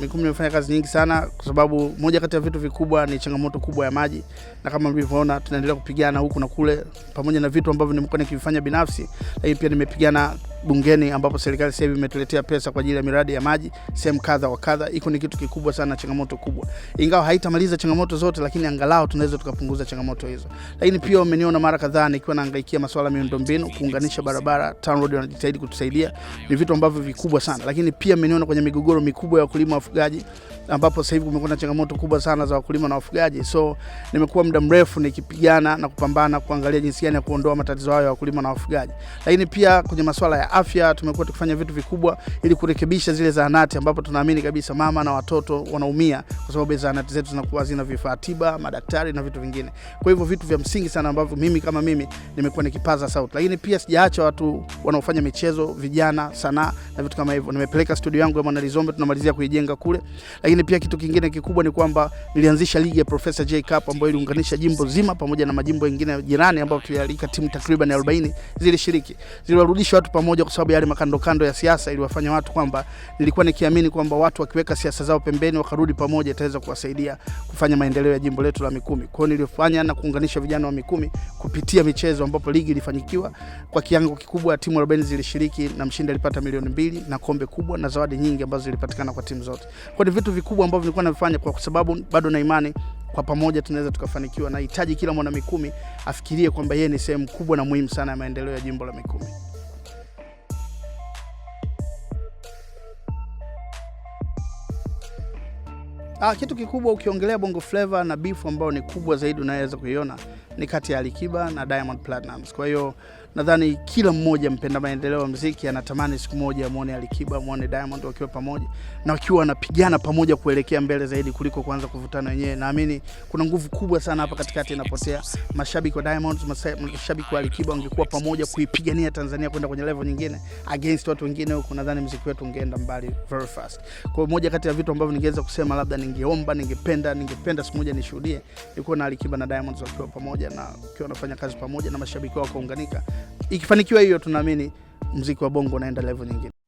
Mikumi imefanya kazi nyingi sana, kwa sababu moja kati ya vitu vikubwa ni changamoto kubwa ya maji, na kama mlivyoona tunaendelea kupigana huku na kule, pamoja na vitu ambavyo nimekuwa nikivifanya binafsi, lakini pia nimepigana bungeni ambapo serikali sasa hivi imetuletea pesa kwa ajili ya miradi ya maji sehemu kadha wa kadha. iko ni kitu kikubwa sana, changamoto kubwa, ingawa haitamaliza changamoto zote, lakini angalau tunaweza tukapunguza changamoto hizo. Lakini pia umeniona mara kadhaa nikiwa naangaikia masuala ya miundombinu, kuunganisha barabara, TANROADS wanajitahidi kutusaidia, ni vitu ambavyo vikubwa sana. Lakini pia umeniona kwenye migogoro mikubwa ya wakulima wafugaji, ambapo sasa hivi kumekuwa na changamoto kubwa sana za wakulima na wafugaji. So nimekuwa muda mrefu nikipigana na kupambana kuangalia jinsi gani ya kuondoa matatizo hayo ya wakulima na wafugaji. Lakini pia kwenye masuala ya afya tumekuwa tukifanya vitu vikubwa ili kurekebisha zile zahanati ambapo tunaamini kabisa mama na watoto wanaumia kwa sababu zahanati zetu zinakuwa zina vifaa tiba, madaktari na vitu vingine. Kwa hivyo vitu vya msingi sana ambavyo mimi kama mimi nimekuwa nikipaza sauti. Lakini pia sijaacha watu wanaofanya michezo, vijana, sanaa na vitu kama hivyo. Nimepeleka studio yangu ya Mwanalizombe tunamalizia kuijenga kule. Lakini lakini pia kitu kingine kikubwa ni kwamba nilianzisha ligi ya Profesa J Cup ambayo iliunganisha jimbo zima pamoja na majimbo mengine jirani ambayo tulialika timu takriban 40 zilishiriki. Ziliwarudisha watu pamoja kwa sababu yale makando kando ya siasa iliwafanya watu kwamba nilikuwa nikiamini kwamba watu wakiweka siasa zao pembeni wakarudi pamoja itaweza kuwasaidia kufanya maendeleo ya jimbo letu la Mikumi. Kwa hiyo nilifanya na kuunganisha vijana wa Mikumi kupitia michezo ambapo ligi ilifanyikiwa kwa kiwango kikubwa, timu 40 zilishiriki na mshindi alipata milioni mbili na kombe kubwa na zawadi nyingi ambazo zilipatikana kwa timu zote. Kwa hiyo vitu vikubwa ambavyo nilikuwa navifanya, kwa sababu bado na imani kwa pamoja tunaweza tukafanikiwa. Nahitaji kila mwana Mikumi afikirie kwamba yeye ni sehemu kubwa na muhimu sana ya maendeleo ya jimbo la Mikumi. Ah, kitu kikubwa ukiongelea Bongo Flava na beef ambayo ni kubwa zaidi unaweza kuiona ni kati ya Alikiba na Diamond Platnumz. Kwa hiyo nadhani kila mmoja mpenda maendeleo ya mziki anatamani siku moja amwone Alikiba, amwone Diamond wakiwa pamoja na wakiwa wanapigana pamoja kuelekea mbele zaidi kuliko kuanza kuvutana wenyewe. Naamini kuna nguvu kubwa sana hapa katikati inapotea. Mashabiki wa Diamond, mashabiki wa Alikiba wangekuwa pamoja kuipigania Tanzania kwenda kwenye level nyingine against watu wengine huko, nadhani mziki wetu ungeenda mbali very fast. Kwa moja kati ya vitu ambavyo ningeweza kusema, labda ningeomba, ningependa, ningependa siku moja nishuhudie nilikuwa na Alikiba na Diamond wakiwa pamoja na wakiwa wanafanya kazi pamoja na mashabiki wao wakaunganika Ikifanikiwa hiyo, tunaamini mziki wa bongo unaenda level nyingine.